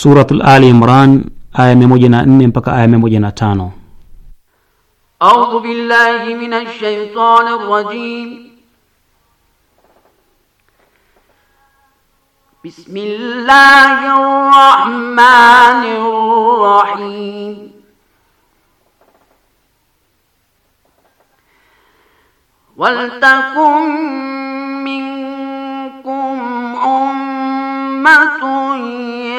Suratul Ali Imran aya 104 mpaka aya 105. A'udhu billahi minash shaitanir rajim. Bismillahir rahmanir rahim. ولتكن منكم أمة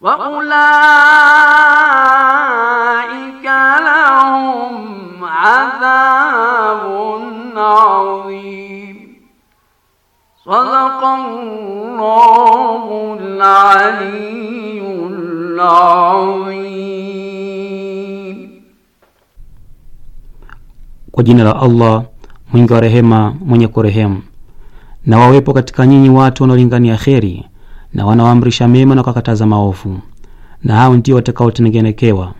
waulaika Kwa jina la Allah mwingi wa rehema mwenye kurehemu. Na wawepo katika nyinyi watu wanaolingania kheri na wanaoamrisha mema na kukataza maovu, na hao ndio watakaotengenekewa.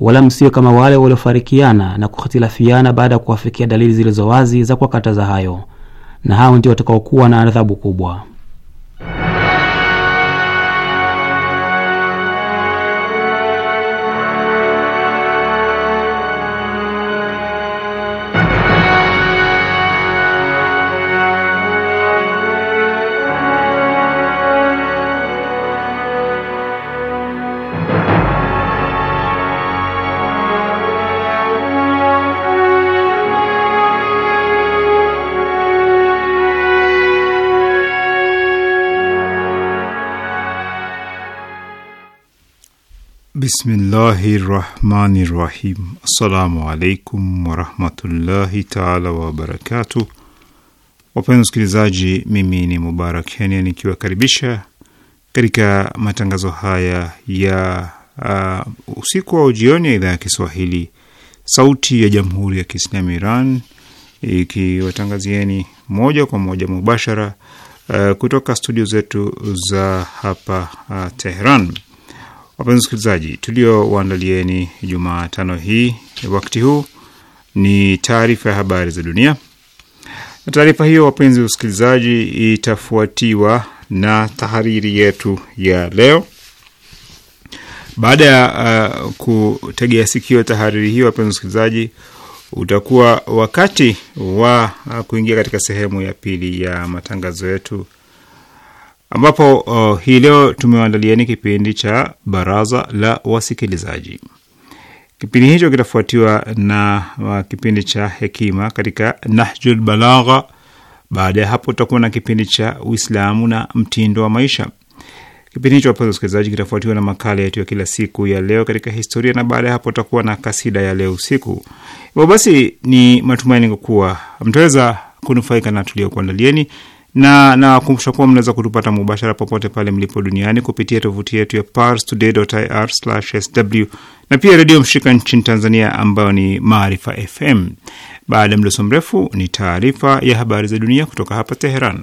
Wala msiwe kama wale waliofarikiana na kuhitilafiana baada ya kuwafikia dalili zilizo wazi za kuwakataza hayo, na hao ndio watakaokuwa na adhabu kubwa. Bismillahi rahmani rahim. Assalamu alaikum warahmatullahi taala wabarakatu. Wapenzi msikilizaji, mimi ni Mubarak Kenya nikiwakaribisha katika matangazo haya ya uh, usiku wa ujioni ya idhaa ya Kiswahili sauti ya jamhuri ya Kiislamu Iran ikiwatangazieni moja kwa moja mubashara uh, kutoka studio zetu za hapa uh, Teheran. Wapenzi wasikilizaji, tuliowaandalieni Jumatano hii wakati huu ni taarifa ya habari za dunia, na taarifa hiyo wapenzi wasikilizaji, itafuatiwa na tahariri yetu ya leo. Baada ya uh, kutegea sikio tahariri hiyo, wapenzi wasikilizaji, utakuwa wakati wa uh, kuingia katika sehemu ya pili ya matangazo yetu ambapo uh, hii leo tumewaandalieni kipindi cha baraza la wasikilizaji. Kipindi hicho kitafuatiwa na uh, kipindi cha hekima katika Nahjul Balagha. Baada ya hapo, tutakuwa na kipindi cha Uislamu na mtindo wa maisha. Kipindi hicho wapenzi wasikilizaji, kitafuatiwa na makala yetu ya kila siku ya leo katika historia, na baada ya hapo tutakuwa na kasida ya leo usiku. Hivyo basi, ni matumaini kuwa mtaweza kunufaika na tuliokuandalieni na nawakumbusha kuwa mnaweza kutupata mubashara popote pale mlipo duniani kupitia tovuti yetu ya parstoday.ir/sw na pia redio mshirika nchini Tanzania ambayo ni Maarifa FM. Baada ya mdoso mrefu, ni taarifa ya habari za dunia kutoka hapa Teheran.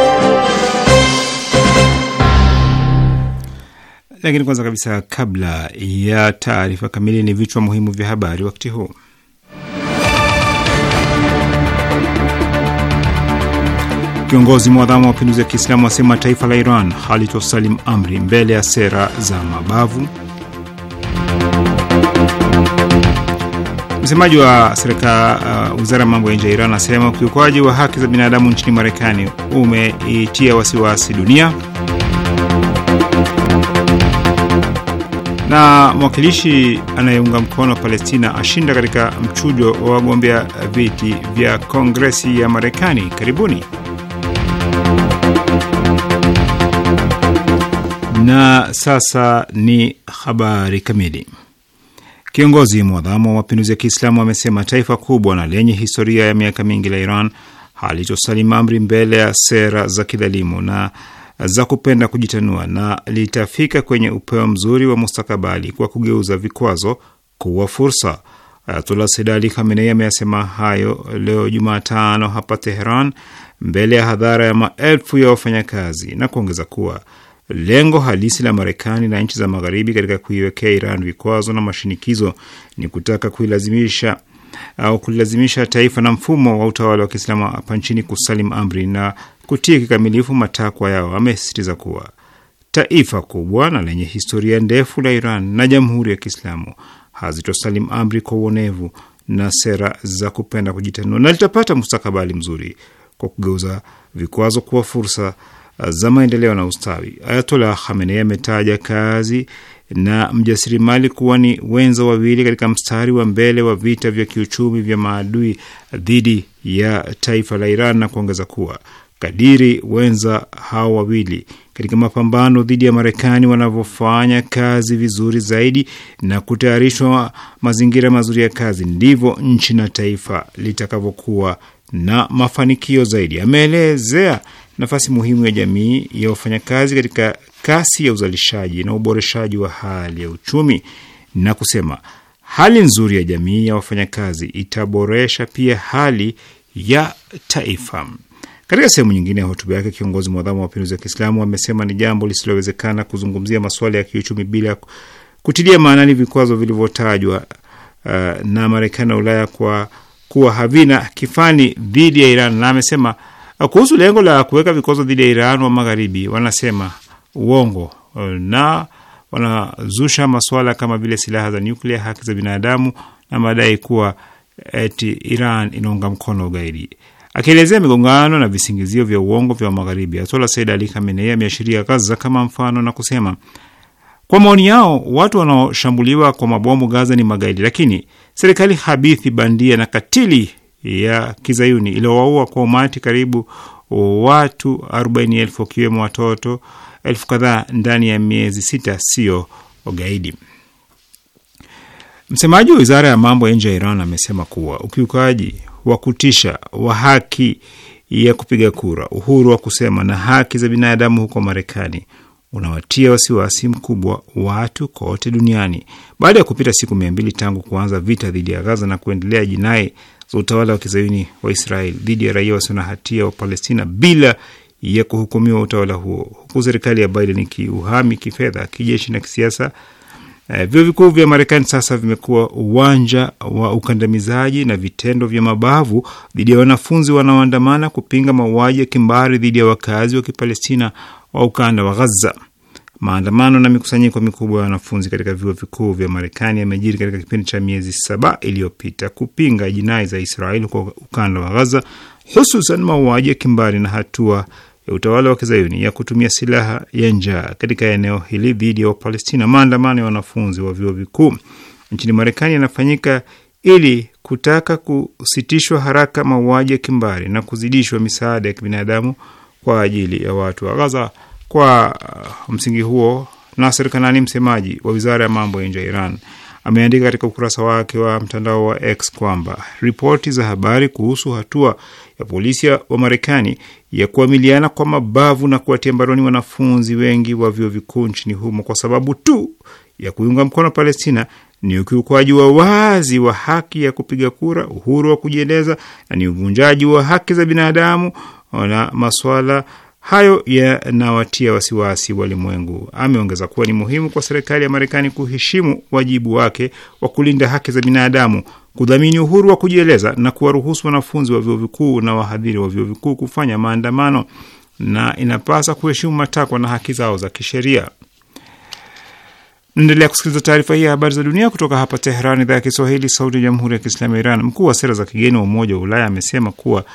Lakini kwanza kabisa, kabla ya taarifa kamili, ni vichwa muhimu vya habari wakati huu. Kiongozi mwadhamu wa mapinduzi ya Kiislamu asema taifa la Iran halitosalimu amri mbele ya sera za mabavu. Msemaji wa serikali uh, wizara ya mambo ya nje ya Iran anasema ukiukwaji wa haki za binadamu nchini Marekani umeitia wasiwasi dunia. na mwakilishi anayeunga mkono Palestina ashinda katika mchujo wa wagombea viti vya Kongresi ya Marekani. Karibuni. Na sasa ni habari kamili. Kiongozi mwadhamu wa mapinduzi ya Kiislamu amesema taifa kubwa na lenye historia ya miaka mingi la Iran halitosalimu amri mbele ya sera za kidhalimu na za kupenda kujitanua na litafika kwenye upeo mzuri wa mustakabali kwa kugeuza vikwazo kuwa fursa. Ayatullah Sayyid Ali Khamenei ameyasema hayo leo Jumatano hapa Teheran mbele ya hadhara ya maelfu ya wafanyakazi na kuongeza kuwa lengo halisi la Marekani na nchi za Magharibi katika kuiwekea Iran vikwazo na mashinikizo ni kutaka kuilazimisha au kulilazimisha taifa na mfumo wa utawala wa Kiislamu hapa nchini kusalim amri na kutii kikamilifu matakwa yao. Amesisitiza kuwa taifa kubwa na lenye historia ndefu la Iran na Jamhuri ya Kiislamu hazitosalim amri kwa uonevu na sera za kupenda kujitanua na litapata mustakabali mzuri kwa kugeuza vikwazo kuwa fursa za maendeleo na ustawi. Ayatollah Khamenei ametaja kazi na mjasirimali kuwa ni wenza wawili katika mstari wa mbele wa vita vya kiuchumi vya maadui dhidi ya taifa la Iran na kuongeza kuwa kadiri wenza hao wawili katika mapambano dhidi ya Marekani wanavyofanya kazi vizuri zaidi na kutayarishwa mazingira mazuri ya kazi, ndivyo nchi na taifa litakavyokuwa na mafanikio zaidi. Ameelezea nafasi muhimu ya jamii ya wafanyakazi katika kasi ya uzalishaji na uboreshaji wa hali ya uchumi na kusema hali nzuri ya jamii ya wafanyakazi itaboresha pia hali ya taifa. Katika sehemu nyingine ya hotuba yake, kiongozi mwadhamu wa mapinduzi ya Kiislamu amesema ni jambo lisilowezekana kuzungumzia masuala ya kiuchumi bila kutilia maanani vikwazo vilivyotajwa uh, na Marekani na Ulaya kwa kuwa havina kifani dhidi ya Iran, na amesema uh, kuhusu lengo la kuweka vikwazo dhidi ya Iran, wa magharibi wanasema uongo uh, na wanazusha masuala kama vile silaha za nyuklia, haki za binadamu na madai kuwa uh, eti Iran inaunga mkono ugaidi. Akielezea migongano na visingizio vya uongo vya Magharibi, Ayatollah Said Ali Khamenei ameashiria Gaza kama mfano na kusema, kwa maoni yao watu wanaoshambuliwa kwa mabomu Gaza ni magaidi, lakini serikali habithi, bandia na katili ya kizayuni iliyowaua kwa umati karibu watu 40,000 wakiwemo watoto elfu kadhaa ndani ya miezi sita sio ugaidi. Msemaji wa wizara ya mambo ya nje ya Iran amesema kuwa ukiukaji wa kutisha wa haki ya kupiga kura, uhuru wa kusema na haki za binadamu huko Marekani unawatia wasiwasi mkubwa watu kote duniani. Baada ya kupita siku mia mbili tangu kuanza vita dhidi ya Gaza na kuendelea jinai za utawala wa kizayuni wa Israel dhidi ya raia wasio na hatia wa Palestina bila ya kuhukumiwa utawala huo, huku serikali ya Biden ikiuhami kifedha, kijeshi na kisiasa vyo eh, vyuo vikuu vya Marekani sasa vimekuwa uwanja wa ukandamizaji na vitendo vya mabavu dhidi ya wanafunzi wanaoandamana kupinga mauaji ya kimbari dhidi ya wakazi wa Kipalestina wa ukanda wa Gaza. Maandamano na mikusanyiko mikubwa ya wanafunzi katika vyuo vikuu vya Marekani yamejiri katika kipindi cha miezi saba iliyopita kupinga jinai za Israeli kwa ukanda wa Gaza, hususan mauaji ya kimbari na hatua ya utawala wa kizayuni ya kutumia silaha ya njaa katika eneo hili dhidi ya Wapalestina. Maandamano ya wanafunzi wa vyuo vikuu nchini Marekani yanafanyika ili kutaka kusitishwa haraka mauaji ya kimbari na kuzidishwa misaada ya kibinadamu kwa ajili ya watu wa Gaza. Kwa msingi huo, Nasser Kanani, msemaji wa wizara ya mambo ya nje ya Iran, ameandika katika ukurasa wake wa mtandao wa X kwamba ripoti za habari kuhusu hatua polisi wa Marekani ya kuamiliana kwa mabavu na kuwatia mbaroni wanafunzi wengi wa vyuo vikuu nchini humo kwa sababu tu ya kuiunga mkono Palestina ni ukiukwaji wa wazi wa haki ya kupiga kura, uhuru wa kujieleza na ni uvunjaji wa haki za binadamu, na masuala hayo yanawatia wasiwasi walimwengu. Ameongeza kuwa ni muhimu kwa serikali ya Marekani kuheshimu wajibu wake wa kulinda haki za binadamu kudhamini uhuru wa kujieleza na kuwaruhusu wanafunzi wa vyuo vikuu na wahadhiri wa vyuo vikuu kufanya maandamano na inapasa kuheshimu matakwa na haki zao za kisheria. Naendelea kusikiliza taarifa hii ya habari za dunia kutoka hapa Tehran, idhaa ya Kiswahili, sauti ya jamhuri ya kiislamu ya Iran. Mkuu wa sera za kigeni wa Umoja wa Ulaya amesema kuwa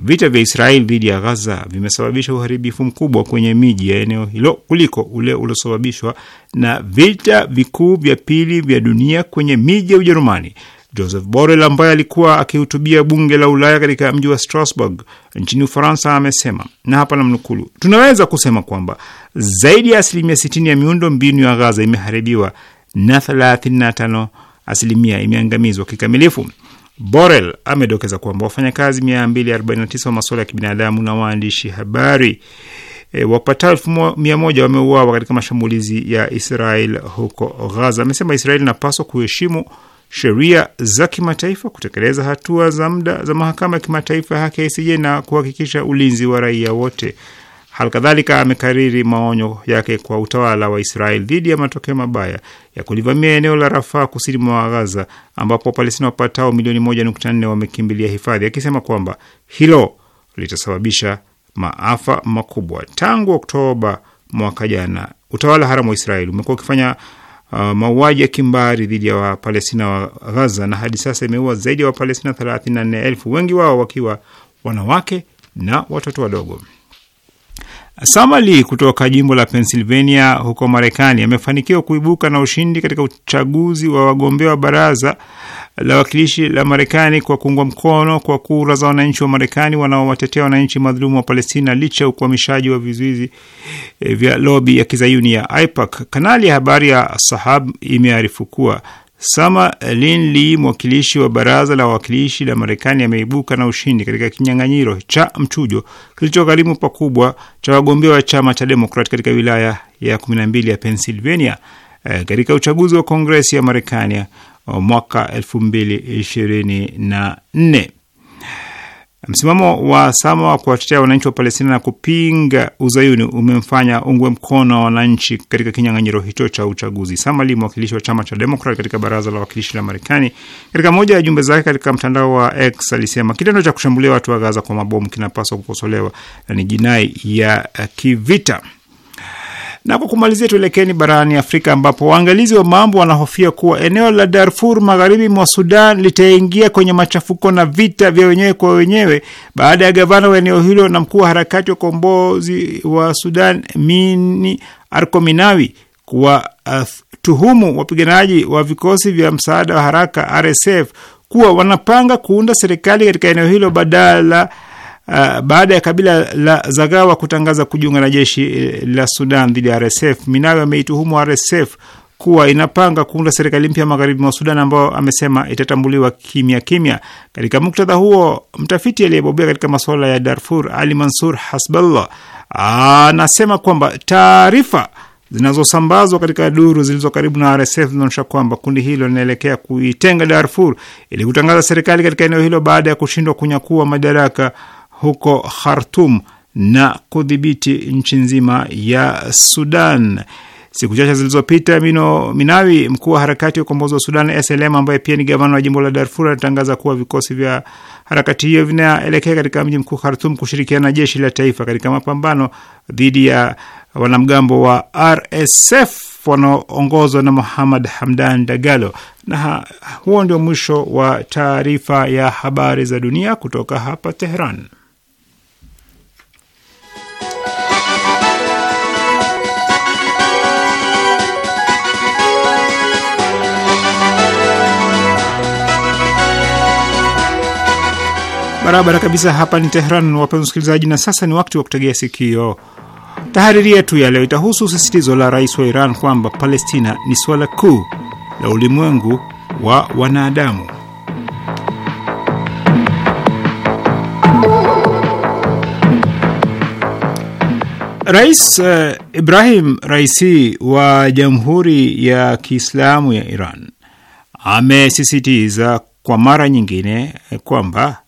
vita vya Israeli dhidi ya Ghaza vimesababisha uharibifu mkubwa kwenye miji ya eneo hilo kuliko ule uliosababishwa na vita vikuu vya pili vya dunia kwenye miji ya Ujerumani, Joseph Borrell ambaye alikuwa akihutubia bunge la Ulaya katika mji wa Strasbourg nchini Ufaransa amesema, na hapa namnukulu tunaweza kusema kwamba zaidi ya asilimia 60 ya miundo mbinu ya Gaza imeharibiwa na 35 asilimia imeangamizwa kikamilifu. Borrell amedokeza kwamba wafanyakazi 249 wa masuala ya kibinadamu na waandishi habari E, wapatao 1 wameuawa katika mashambulizi ya Israel huko Gaza. Amesema Israel inapaswa kuheshimu sheria za kimataifa, kutekeleza hatua za muda za mahakama ya kimataifa ya haki ICJ na kuhakikisha ulinzi wa raia wote. Halikadhalika amekariri maonyo yake kwa utawala wa Israel dhidi ya matokeo mabaya ya kulivamia eneo la Rafaa kusini mwa Gaza, ambapo Wapalestina wapatao milioni moja nne wamekimbilia hifadhi, akisema kwamba hilo litasababisha maafa makubwa. Tangu Oktoba mwaka jana, utawala haramu wa Israel umekuwa ukifanya uh, mauaji ya kimbari dhidi ya Wapalestina wa Ghaza na hadi sasa imeua zaidi ya Wapalestina elfu thelathini wengi wao wakiwa wanawake na watoto wadogo. Samali kutoka jimbo la Pennsylvania huko Marekani amefanikiwa kuibuka na ushindi katika uchaguzi wa wagombea wa baraza la wakilishi la Marekani kwa kuungwa mkono kwa kura za wananchi wa Marekani wanaowatetea wananchi madhulumu wa Palestina licha ya ukwamishaji wa vizuizi eh, vya lobi ya kizayuni ya AIPAC. Kanali ya habari ya Sahab imearifu kuwa Sama Linley, mwakilishi wa baraza la wawakilishi la Marekani, ameibuka na ushindi katika kinyang'anyiro cha mchujo kilichogharimu pakubwa cha wagombea wa chama cha Demokrat katika wilaya ya 12 ya Pennsylvania e, katika uchaguzi wa Kongresi ya Marekani eh, mwaka 2024. Msimamo wa Sama wa kuwatetea wananchi wa Palestina na kupinga uzayuni umemfanya ungwe mkono wa wananchi katika kinyang'anyiro hicho cha uchaguzi. Sama Lee, mwakilishi wa chama cha Demokrat katika baraza la wawakilishi la Marekani, katika moja ya jumbe zake katika mtandao wa X alisema kitendo cha kushambulia watu wa Gaza kwa mabomu kinapaswa kukosolewa na ni jinai ya kivita. Na kwa kumalizia, tuelekeni barani Afrika ambapo waangalizi wa mambo wanahofia kuwa eneo la Darfur magharibi mwa Sudan litaingia kwenye machafuko na vita vya wenyewe kwa wenyewe baada ya gavana wa eneo hilo na mkuu wa harakati wa ukombozi wa Sudan Mini Arkominawi kuwatuhumu uh, wapiganaji wa vikosi vya msaada wa haraka RSF kuwa wanapanga kuunda serikali katika eneo hilo badala Uh, baada ya kabila la Zagawa kutangaza kujiunga na jeshi eh, la Sudan dhidi ya RSF, Minawe ameituhumu RSF kuwa inapanga kuunda serikali mpya magharibi mwa Sudan ambayo amesema itatambuliwa kimya kimya. Katika muktadha huo, mtafiti aliyebobea katika masuala ya Darfur Ali Mansur Hasballah anasema kwamba taarifa zinazosambazwa katika duru zilizo karibu na RSF zinaonyesha kwamba kundi hilo linaelekea kuitenga Darfur ili kutangaza serikali katika eneo hilo baada ya kushindwa kunyakua madaraka huko Khartum na kudhibiti nchi nzima ya Sudan. Siku chache zilizopita, Mino Minawi, mkuu wa harakati ya ukombozi wa Sudan SLM, ambaye pia ni gavana wa jimbo la Darfur, anatangaza kuwa vikosi vya harakati hiyo vinaelekea katika mji mkuu Khartum kushirikiana na jeshi la taifa katika mapambano dhidi ya wanamgambo wa RSF wanaoongozwa na Muhammad Hamdan Dagalo. Na huo ndio mwisho wa taarifa ya habari za dunia kutoka hapa Tehran. Barabara kabisa, hapa ni Tehran, wapenzi msikilizaji na sasa ni wakati wa kutegea sikio. Tahariri yetu ya leo itahusu sisitizo la rais wa Iran kwamba Palestina ni swala kuu la ulimwengu wa wanadamu. Rais uh, Ibrahim Raisi wa Jamhuri ya Kiislamu ya Iran amesisitiza kwa mara nyingine kwamba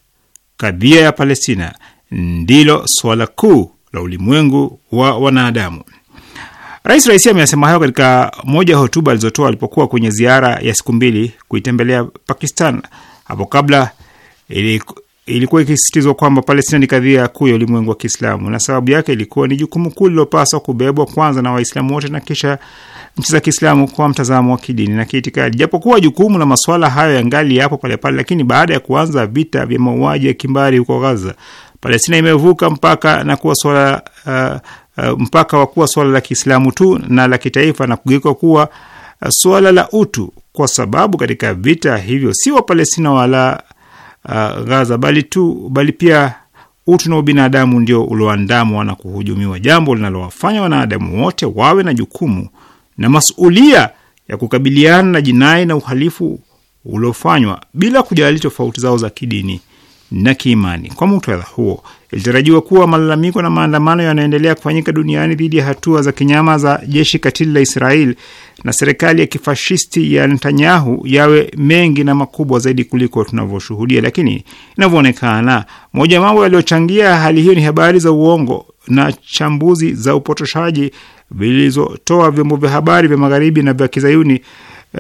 kadhia ya Palestina ndilo swala kuu la ulimwengu wa wanadamu. Rais Raisi ameyasema hayo katika moja ya hotuba alizotoa alipokuwa kwenye ziara ya siku mbili kuitembelea Pakistan. Hapo kabla ilikuwa ikisisitizwa kwamba Palestina ni kadhia kuu ya ulimwengu wa Kiislamu na sababu yake ilikuwa ni jukumu kuu lilopaswa kubebwa kwanza na Waislamu wote na kisha nchi za Kiislamu kwa mtazamo wa kidini na kiitikadi. Japokuwa jukumu la masuala hayo yangali yapo palepale, lakini baada ya kuanza vita vya mauaji ya kimbari huko Gaza, Palestina imevuka mpaka na kuwa swala uh, uh, mpaka wa kuwa swala la Kiislamu tu na la kitaifa na kugeuka kuwa uh, swala la utu, kwa sababu katika vita hivyo si Wapalestina wala uh, Gaza bali tu bali pia utu na ubinadamu ndio ulioandamwa na kuhujumiwa, jambo linalowafanya wanadamu wote wawe na jukumu na masuulia ya kukabiliana na jinai na uhalifu uliofanywa bila kujali tofauti zao za kidini na kiimani. Kwa muktadha huo, Ilitarajiwa kuwa malalamiko na maandamano yanaendelea kufanyika duniani dhidi ya hatua za kinyama za jeshi katili la Israel na serikali ya kifashisti ya Netanyahu yawe mengi na makubwa zaidi kuliko tunavyoshuhudia, lakini inavyoonekana, moja ya mambo yaliyochangia hali hiyo ni habari za uongo na chambuzi za upotoshaji vilizotoa vyombo vya habari vya magharibi na vya kizayuni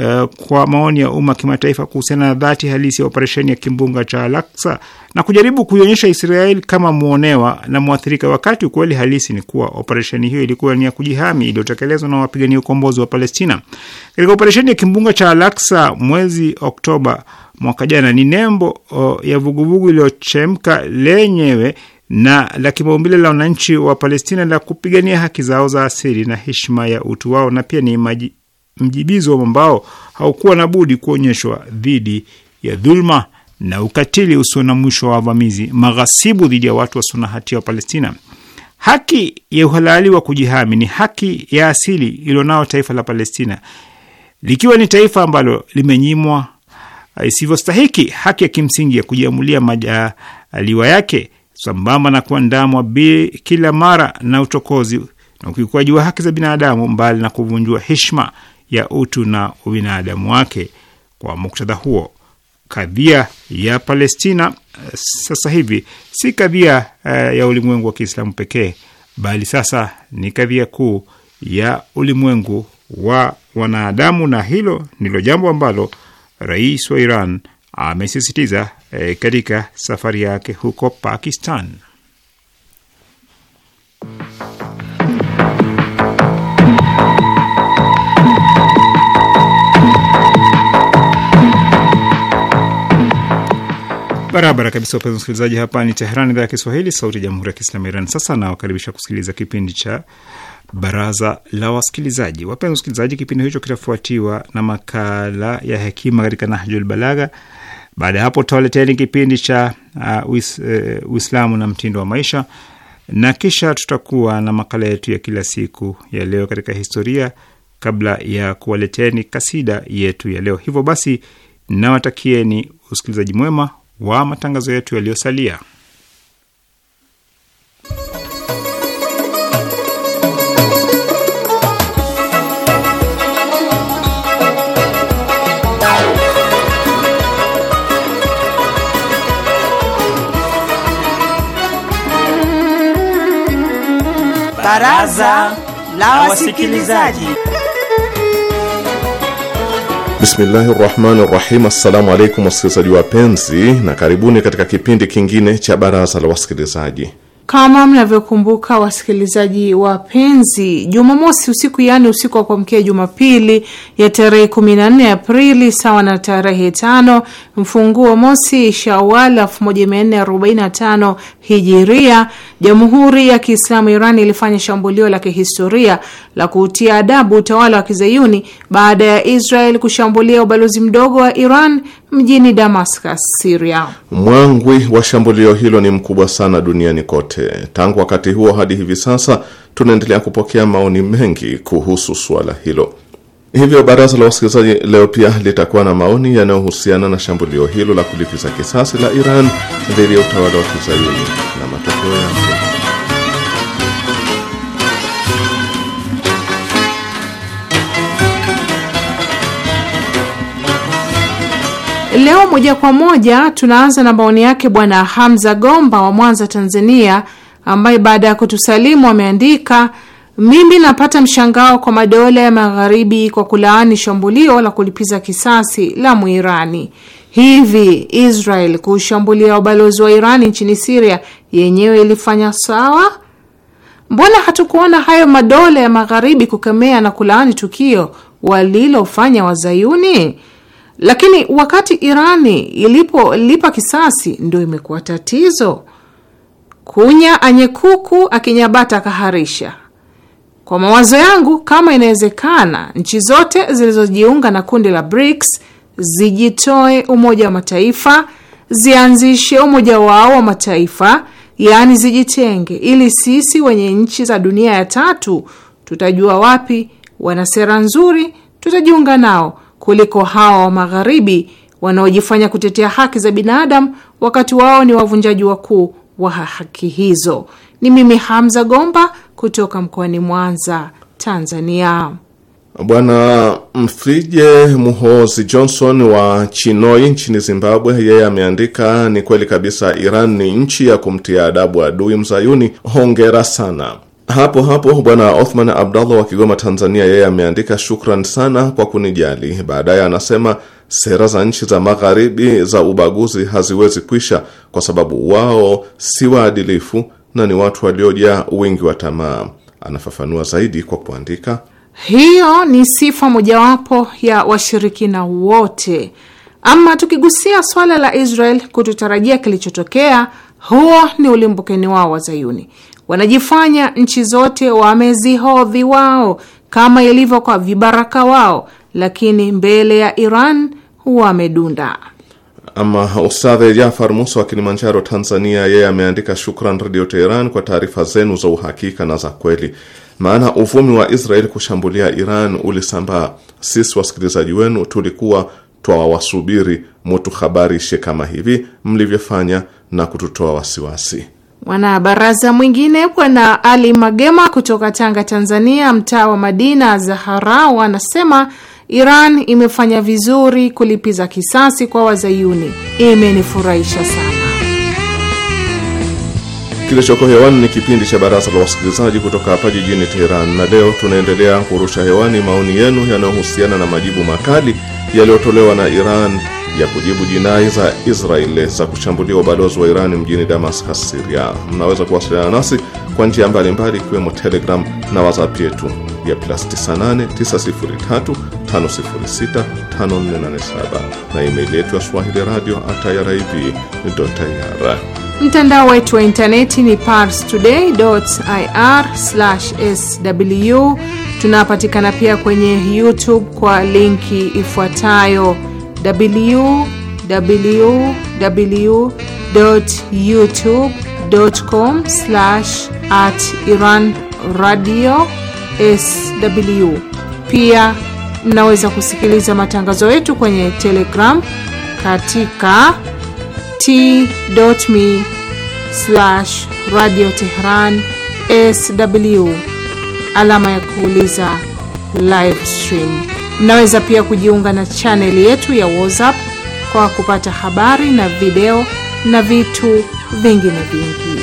Eh, kwa maoni ya umma kimataifa kuhusiana na dhati halisi ya operesheni ya kimbunga cha Al-Aqsa na kujaribu kuionyesha Israeli kama mwonewa na mwathirika, wakati ukweli halisi ni kuwa operesheni hiyo ilikuwa ni ya kujihami iliyotekelezwa na wapigania ukombozi wa Palestina. Katika operesheni ya kimbunga cha Al-Aqsa mwezi Oktoba mwaka jana, ni nembo o, ya vuguvugu iliyochemka lenyewe na la kimaumbile la wananchi wa Palestina la kupigania haki zao za asili na heshima ya utu wao na pia ni maji mjibizo ambao haukuwa na budi kuonyeshwa dhidi ya dhulma na ukatili usio na mwisho wa wavamizi maghasibu dhidi ya watu wasio na hatia wa Palestina. Haki ya uhalali wa kujihami ni haki ya asili ilionao taifa la Palestina, likiwa ni taifa ambalo limenyimwa ah, isivyostahiki haki ya kimsingi ya kujiamulia majaliwa yake, sambamba na kuandamwa kila mara na uchokozi na ukiukaji wa haki za binadamu, mbali na kuvunjwa heshima ya utu na ubinadamu wake. Kwa muktadha huo, kadhia ya Palestina sasa hivi si kadhia uh, ya ulimwengu wa Kiislamu pekee, bali sasa ni kadhia kuu ya ulimwengu wa wanadamu, na hilo ndilo jambo ambalo rais wa Iran amesisitiza eh, katika safari yake huko Pakistan. Barabara kabisa, wapenzi msikilizaji, hapa ni Teheran, idhaa ya Kiswahili, sauti ya jamhuri ya kiislamu Iran. Sasa nawakaribisha kusikiliza kipindi cha baraza la wasikilizaji. Wapenzi wasikilizaji, kipindi hicho kitafuatiwa na makala ya hekima katika Nahjul Balagha. Baada ya hapo, tutawaleteni kipindi cha uh, uh, Uislamu uh, uh, na mtindo wa maisha, na kisha tutakuwa na makala yetu ya kila siku ya leo katika historia, kabla ya kuwaleteni kasida yetu ya leo. Hivyo basi nawatakieni usikilizaji mwema wa matangazo yetu yaliyosalia. Baraza la Wasikilizaji. Bismillahi rahmani rahim. Assalamu alaikum wasikilizaji wapenzi, na karibuni katika kipindi kingine cha baraza la wasikilizaji. Kama mnavyokumbuka wasikilizaji wapenzi, Jumamosi usiku, yaani usiku wa kuamkia Jumapili ya tarehe 14 Aprili sawa na tarehe tano mfunguo mosi Shawal 1445 hijiria Jamhuri ya Kiislamu Iran ilifanya shambulio la kihistoria la kuutia adabu utawala wa kizayuni baada ya Israel kushambulia ubalozi mdogo wa Iran mjini Damascus, Syria. Mwangwi wa shambulio hilo ni mkubwa sana duniani kote. Tangu wakati huo hadi hivi sasa tunaendelea kupokea maoni mengi kuhusu suala hilo. Hivyo baraza la wasikilizaji leo pia litakuwa na maoni yanayohusiana na shambulio hilo la kulipiza kisasi la Iran dhidi ya utawala wa kizayuni na matokeo yake. leo moja kwa moja tunaanza na maoni yake Bwana Hamza Gomba wa Mwanza, Tanzania, ambaye baada ya kutusalimu ameandika mimi napata mshangao kwa madola ya magharibi kwa kulaani shambulio la kulipiza kisasi la Mwirani. Hivi Israel kushambulia ubalozi wa Irani nchini Siria yenyewe ilifanya sawa? Mbona hatukuona hayo madola ya magharibi kukemea na kulaani tukio walilofanya Wazayuni? Lakini wakati Irani ilipolipa kisasi ndio imekuwa tatizo. Kunya anyekuku akinyabata kaharisha. Kwa mawazo yangu, kama inawezekana, nchi zote zilizojiunga na kundi la BRICS zijitoe Umoja wa Mataifa, zianzishe umoja wao wa mataifa, yaani zijitenge, ili sisi wenye nchi za dunia ya tatu tutajua wapi wana sera nzuri, tutajiunga nao kuliko hawa wa magharibi wanaojifanya kutetea haki za binadamu wakati wao ni wavunjaji wakuu wa haki hizo. Ni mimi Hamza Gomba kutoka mkoani Mwanza, Tanzania. Bwana Mfrije Muhozi Johnson wa Chinoi nchini Zimbabwe, yeye ameandika: ni kweli kabisa, Iran ni nchi ya kumtia adabu adui mzayuni. Hongera sana. Hapo hapo bwana Othman Abdallah wa Kigoma, Tanzania, yeye ameandika shukran sana kwa kunijali. Baadaye anasema sera za nchi za magharibi za ubaguzi haziwezi kwisha, kwa sababu wao si waadilifu na ni watu waliojaa wingi wa tamaa. Anafafanua zaidi kwa kuandika, hiyo ni sifa mojawapo ya washirikina wote. Ama tukigusia swala la Israel, kututarajia kilichotokea, huo ni ulimbukeni wao wa Zayuni. Wanajifanya nchi zote wamezihodhi wao kama ilivyo kwa vibaraka wao, lakini mbele ya Iran wamedunda. Ama Ustadhe Jafar Musa wa Kilimanjaro, Tanzania, yeye ameandika shukran Redio Teheran kwa taarifa zenu za uhakika na za kweli, maana uvumi wa Israeli kushambulia Iran ulisambaa. Sisi wasikilizaji wenu tulikuwa twawasubiri mutuhabarishe kama hivi mlivyofanya na kututoa wasiwasi. Mwanabaraza mwingine Bwana Ali Magema kutoka Tanga, Tanzania, mtaa wa Madina Zaharau, anasema Iran imefanya vizuri kulipiza kisasi kwa Wazayuni, imenifurahisha sana. Kilichoko hewani ni kipindi cha Baraza la Wasikilizaji kutoka hapa jijini Teheran, na leo tunaendelea kurusha hewani maoni yenu yanayohusiana na majibu makali yaliyotolewa na Iran ya kujibu jinai za Israeli za kushambulia ubalozi wa Irani mjini Damascus, Syria. Mnaweza kuwasiliana nasi kwa njia mbalimbali ikiwemo Telegram na WhatsApp yetu ya plus 989035065487 na email yetu ya swahili radio irib.ir. Mtandao wetu wa intaneti ni parstoday.ir/sw. Tunapatikana pia kwenye YouTube kwa linki ifuatayo www.youtube.com at Iran Radio SW. Pia mnaweza kusikiliza matangazo yetu kwenye Telegram katika t.me radio Tehran SW alama ya kuuliza live stream. Mnaweza pia kujiunga na chaneli yetu ya WhatsApp kwa kupata habari na video na vitu vingine vingi.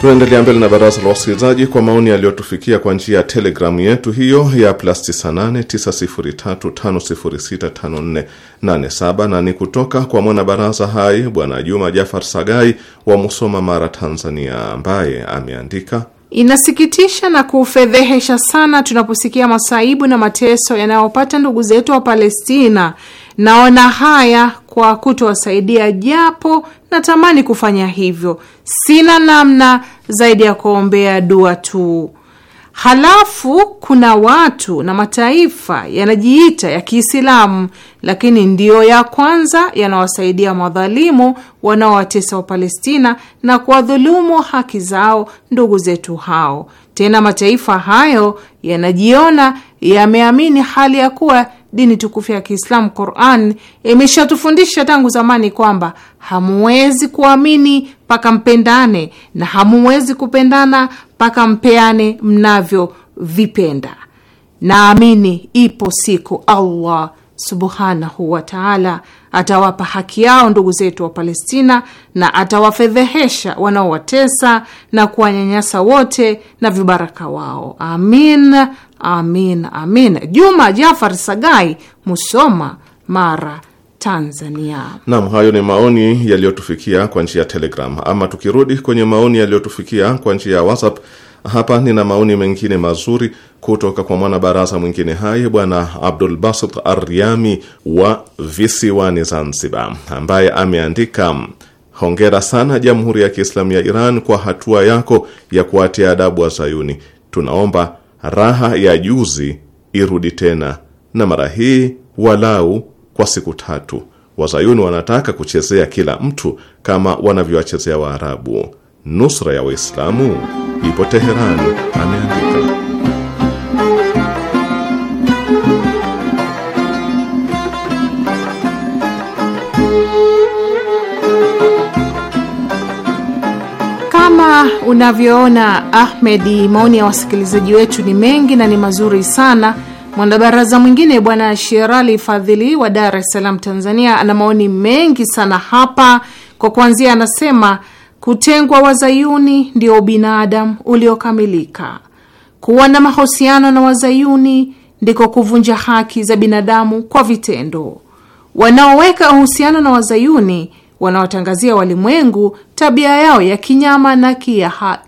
Tunaendelea mbele na baraza la wasikilizaji kwa maoni yaliyotufikia kwa njia ya telegramu yetu hiyo ya plus 989035065487 na ni kutoka kwa mwanabaraza hai Bwana Juma Jafar Sagai wa Musoma, Mara, Tanzania, ambaye ameandika Inasikitisha na kufedhehesha sana tunaposikia masaibu na mateso yanayopata ndugu zetu wa Palestina. Naona haya kwa kutowasaidia, japo natamani kufanya hivyo. Sina namna zaidi ya kuombea dua tu. Halafu kuna watu na mataifa yanajiita ya Kiislamu, lakini ndiyo ya kwanza yanawasaidia madhalimu wanaowatesa Wapalestina na kuwadhulumu haki zao ndugu zetu hao. Tena mataifa hayo yanajiona yameamini hali ya kuwa dini tukufu ya Kiislamu Quran imeshatufundisha tangu zamani kwamba hamuwezi kuamini mpaka mpendane na hamuwezi kupendana mpaka mpeane mnavyovipenda. Naamini ipo siku Allah subhanahu wa taala atawapa haki yao ndugu zetu wa Palestina na atawafedhehesha wanaowatesa na kuwanyanyasa wote na vibaraka wao. Amin, amin, amin. Juma Jafar Sagai, Musoma, Mara, Tanzania. Naam, hayo ni maoni yaliyotufikia kwa njia ya Telegram. Ama tukirudi kwenye maoni yaliyotufikia kwa njia ya WhatsApp, hapa nina maoni mengine mazuri kutoka kwa mwanabaraza mwingine hai Bwana Abdul Basit Aryami wa visiwani Zanzibar, ambaye ameandika hongera sana Jamhuri ya Kiislamu ya Iran kwa hatua yako ya kuwatia adabu wa Zayuni. Tunaomba raha ya juzi irudi tena, na mara hii walau kwa siku tatu. Wazayuni wanataka kuchezea kila mtu kama wanavyowachezea Waarabu. Nusra ya Waislamu ipo Teheran, ameandika. Kama unavyoona Ahmedi, maoni ya wasikilizaji wetu ni mengi na ni mazuri sana Mwanabaraza mwingine Bwana Sherali Fadhili wa Dar es Salaam, Tanzania, ana maoni mengi sana hapa. Kwa kuanzia, anasema kutengwa wazayuni ndio ubinadamu uliokamilika. Kuwa na mahusiano na wazayuni ndiko kuvunja haki za binadamu kwa vitendo. Wanaoweka uhusiano na wazayuni wanaotangazia walimwengu tabia yao ya kinyama na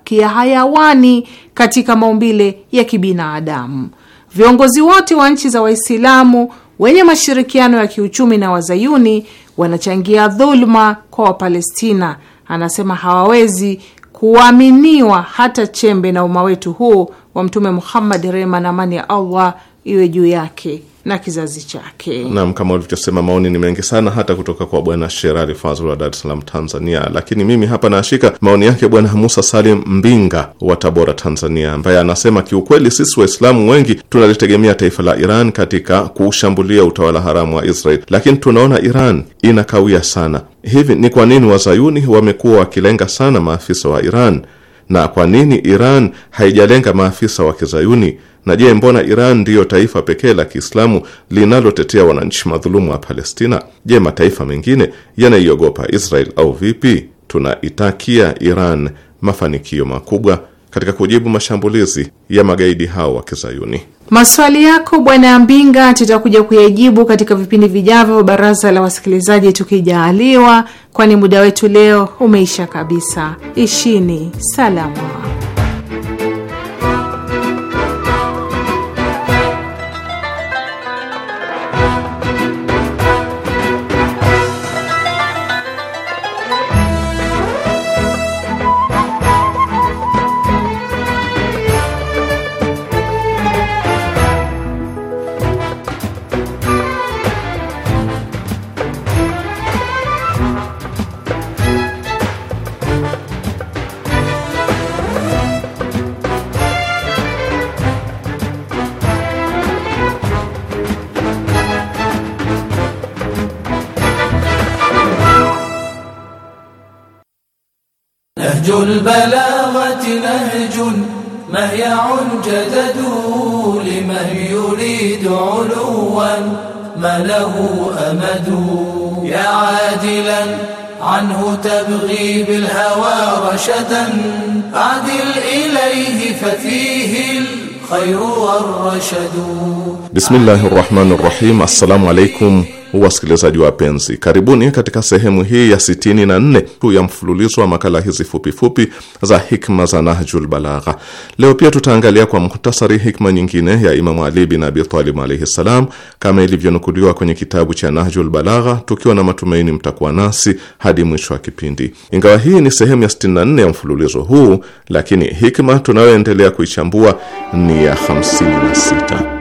kiyahayawani katika maumbile ya kibinadamu. Viongozi wote wa nchi za Waislamu wenye mashirikiano ya kiuchumi na Wazayuni wanachangia dhuluma kwa Wapalestina. Anasema hawawezi kuaminiwa hata chembe na umma wetu huu wa Mtume Muhammad, rehma na amani ya Allah iwe juu yake na kizazi chake. Naam, kama ulivyosema, maoni ni mengi sana, hata kutoka kwa bwana Sherali Fazl wa Dar es Salaam, Tanzania, lakini mimi hapa naashika maoni yake bwana Musa Salim Mbinga wa Tabora, Tanzania, ambaye anasema kiukweli, sisi Waislamu wengi tunalitegemea taifa la Iran katika kuushambulia utawala haramu wa Israel, lakini tunaona Iran inakawia sana. Hivi ni kwa nini wazayuni wamekuwa wakilenga sana maafisa wa Iran na kwa nini Iran haijalenga maafisa wa kizayuni? Na je, mbona Iran ndiyo taifa pekee la Kiislamu linalotetea wananchi madhulumu wa Palestina? Je, mataifa mengine yanaiogopa Israel au vipi? Tunaitakia Iran mafanikio makubwa katika kujibu mashambulizi ya magaidi hao wa Kizayuni. Maswali yako Bwana Mbinga tutakuja kuyajibu katika vipindi vijavyo, baraza la wasikilizaji, tukijaaliwa, kwani muda wetu leo umeisha kabisa. Ishini salama. البلاغة نهج مهيع جدد لمن يريد علوا ما له أمد يا عادلا عنه تبغي بالهوى رشدا عدل إليه ففيه الخير والرشد بسم الله الرحمن الرحيم السلام عليكم Wasikilizaji wapenzi, karibuni katika sehemu hii ya 64 tu ya mfululizo wa makala hizi fupifupi za hikma za Nahjul Balagha. Leo pia tutaangalia kwa muhtasari hikma nyingine ya Imamu Ali bin Abi Talib alaihi ssalam, kama ilivyonukuliwa kwenye kitabu cha Nahjul Balagha, tukiwa na matumaini mtakuwa nasi hadi mwisho wa kipindi. Ingawa hii ni sehemu ya 64 ya mfululizo huu, lakini hikma tunayoendelea kuichambua ni ya 56.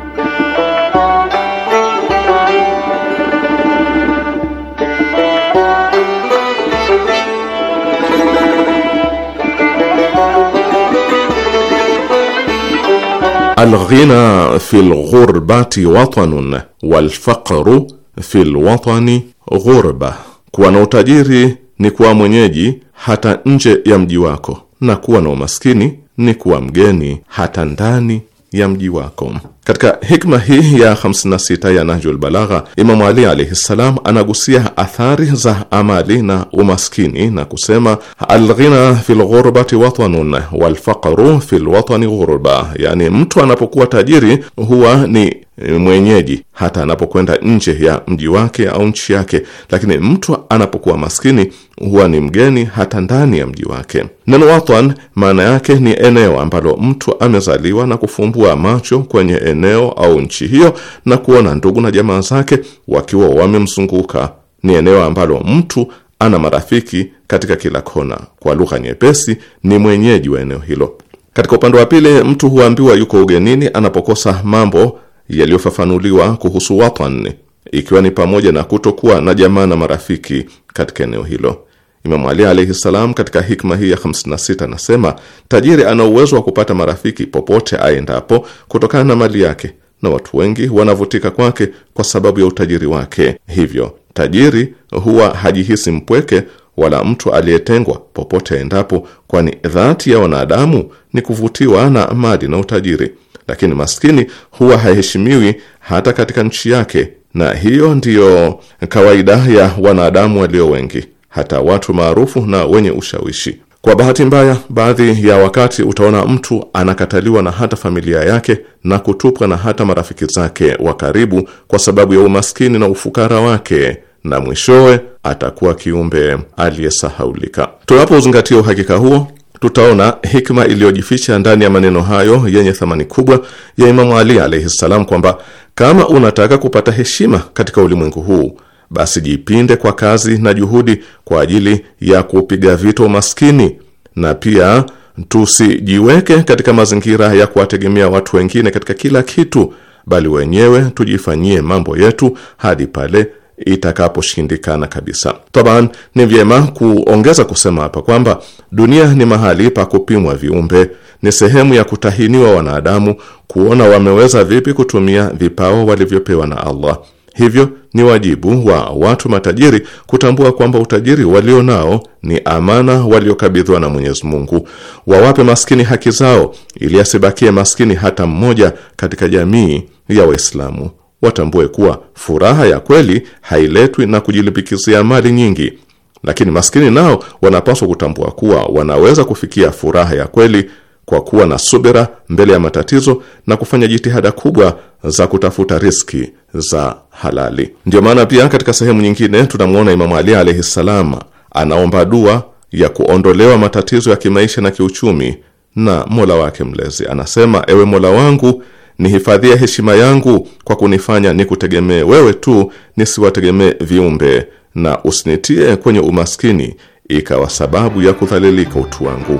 alghina fi lghurbati watanun walfaqru fi lwatani ghurba, kuwa na utajiri ni kuwa mwenyeji hata nje ya mji wako, na kuwa na umaskini ni kuwa mgeni hata ndani ya mji wako. Katika hikma hii ya 56 ya Nahjul Balagha, Imamu Ali alaihi ssalam anagusia athari za amali na umaskini na kusema, alghina fi lghurbati watanun walfaqru fi lwatani ghurba, yani mtu anapokuwa tajiri huwa ni mwenyeji hata anapokwenda nje ya mji wake au nchi yake, lakini mtu anapokuwa maskini huwa ni mgeni hata ndani ya mji wake. Neno watan maana yake ni eneo ambalo mtu amezaliwa na kufumbua macho kwenye eneo au nchi hiyo na kuona ndugu na jamaa zake wakiwa wamemzunguka. Ni eneo ambalo mtu ana marafiki katika kila kona. Kwa lugha nyepesi, ni mwenyeji wa eneo hilo. Katika upande wa pili, mtu huambiwa yuko ugenini anapokosa mambo yaliyofafanuliwa kuhusu watani, ikiwa ni pamoja na kutokuwa na jamaa na marafiki katika eneo hilo. Imamu Ali alaihi salam katika hikma hii ya 56 anasema tajiri ana uwezo wa kupata marafiki popote aendapo kutokana na mali yake, na watu wengi wanavutika kwake kwa sababu ya utajiri wake. Hivyo tajiri huwa hajihisi mpweke wala mtu aliyetengwa popote aendapo, kwani dhati ya wanadamu ni kuvutiwa na mali na utajiri. Lakini maskini huwa haheshimiwi hata katika nchi yake, na hiyo ndiyo kawaida ya wanadamu walio wengi hata watu maarufu na wenye ushawishi. Kwa bahati mbaya, baadhi ya wakati utaona mtu anakataliwa na hata familia yake na kutupwa na hata marafiki zake wa karibu kwa sababu ya umaskini na ufukara wake na mwishowe atakuwa kiumbe aliyesahaulika. Tunapozingatia uhakika huo, tutaona hikma iliyojificha ndani ya maneno hayo yenye thamani kubwa ya Imamu Ali alaihi ssalam, kwamba kama unataka kupata heshima katika ulimwengu huu basi jipinde kwa kazi na juhudi kwa ajili ya kupiga vita umaskini, na pia tusijiweke katika mazingira ya kuwategemea watu wengine katika kila kitu, bali wenyewe tujifanyie mambo yetu hadi pale itakaposhindikana kabisa. Taban, ni vyema kuongeza kusema hapa kwamba dunia ni mahali pa kupimwa viumbe, ni sehemu ya kutahiniwa wanadamu kuona wameweza vipi kutumia vipao walivyopewa na Allah. Hivyo ni wajibu wa watu matajiri kutambua kwamba utajiri walio nao ni amana waliokabidhiwa na Mwenyezi Mungu. Wawape maskini haki zao, ili asibakie maskini hata mmoja katika jamii ya Waislamu. Watambue kuwa furaha ya kweli hailetwi na kujilimbikizia mali nyingi, lakini maskini nao wanapaswa kutambua kuwa wanaweza kufikia furaha ya kweli kwa kuwa na subira mbele ya matatizo na kufanya jitihada kubwa za kutafuta riski za halali. Ndiyo maana pia katika sehemu nyingine tunamwona Imamu Ali alaihi ssalam anaomba dua ya kuondolewa matatizo ya kimaisha na kiuchumi na mola wake mlezi. Anasema, ewe mola wangu nihifadhie heshima yangu kwa kunifanya nikutegemee wewe tu, nisiwategemee viumbe, na usinitie kwenye umaskini ikawa sababu ya kudhalilika utu wangu.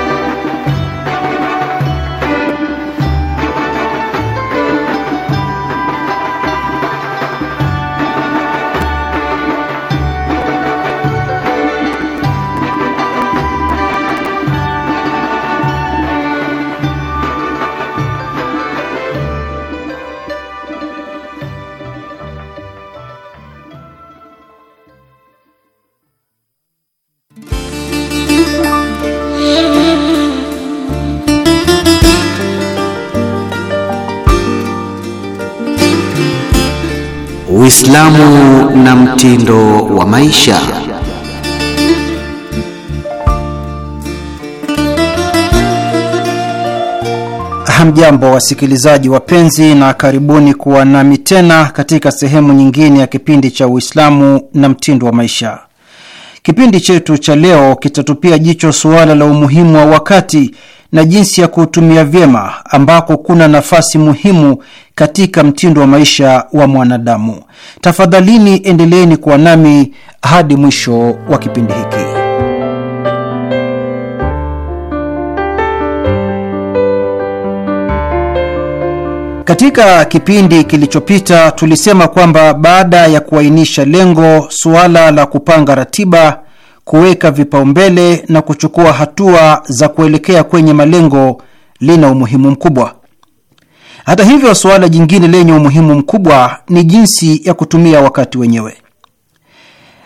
Uislamu na mtindo wa maisha. Hamjambo wasikilizaji wapenzi, na karibuni kuwa nami tena katika sehemu nyingine ya kipindi cha Uislamu na mtindo wa maisha. Kipindi chetu cha leo kitatupia jicho suala la umuhimu wa wakati na jinsi ya kuutumia vyema, ambako kuna nafasi muhimu katika mtindo wa maisha wa mwanadamu. Tafadhalini endeleeni kuwa nami hadi mwisho wa kipindi hiki. Katika kipindi kilichopita tulisema kwamba baada ya kuainisha lengo, suala la kupanga ratiba kuweka vipaumbele na kuchukua hatua za kuelekea kwenye malengo lina umuhimu mkubwa. Hata hivyo, suala jingine lenye umuhimu mkubwa ni jinsi ya kutumia wakati wenyewe.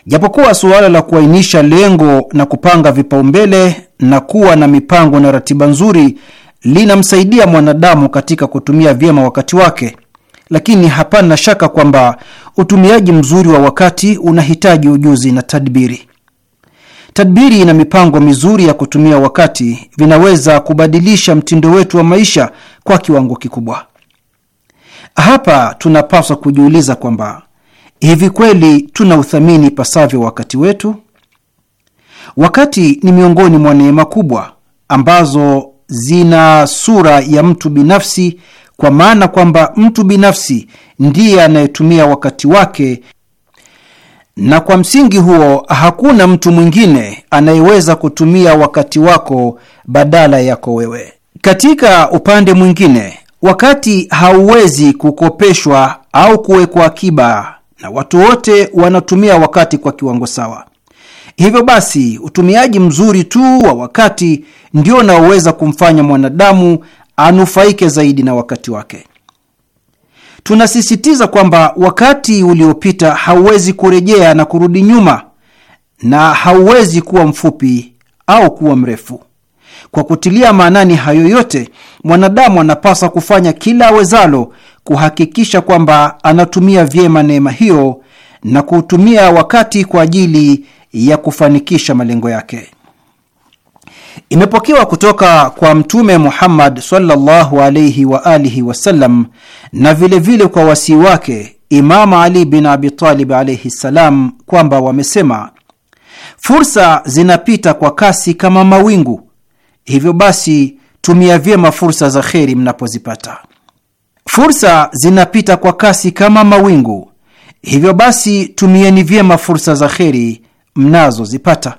Japokuwa suala la kuainisha lengo na kupanga vipaumbele na kuwa na mipango na ratiba nzuri linamsaidia mwanadamu katika kutumia vyema wakati wake, lakini hapana shaka kwamba utumiaji mzuri wa wakati unahitaji ujuzi na tadbiri. Tadbiri na mipango mizuri ya kutumia wakati vinaweza kubadilisha mtindo wetu wa maisha kwa kiwango kikubwa. Hapa tunapaswa kujiuliza kwamba hivi kweli tuna uthamini pasavyo wakati wetu? Wakati ni miongoni mwa neema kubwa ambazo zina sura ya mtu binafsi, kwa maana kwamba mtu binafsi ndiye anayetumia wakati wake na kwa msingi huo hakuna mtu mwingine anayeweza kutumia wakati wako badala yako wewe. Katika upande mwingine, wakati hauwezi kukopeshwa au kuwekwa akiba, na watu wote wanatumia wakati kwa kiwango sawa. Hivyo basi, utumiaji mzuri tu wa wakati ndio unaoweza kumfanya mwanadamu anufaike zaidi na wakati wake. Tunasisitiza kwamba wakati uliopita hauwezi kurejea na kurudi nyuma na hauwezi kuwa mfupi au kuwa mrefu. Kwa kutilia maanani hayo yote, mwanadamu anapaswa kufanya kila awezalo kuhakikisha kwamba anatumia vyema neema hiyo na kuutumia wakati kwa ajili ya kufanikisha malengo yake. Imepokewa kutoka kwa Mtume Muhammad sallallahu alayhi wa alihi wasallam na vilevile vile kwa wasii wake Imam Ali bin Abi Talib alayhi salam kwamba wamesema, fursa zinapita kwa kasi kama mawingu, hivyo basi tumia vyema fursa za kheri mnapozipata. Fursa zinapita kwa kasi kama mawingu, hivyo basi tumieni vyema fursa za kheri mnazozipata.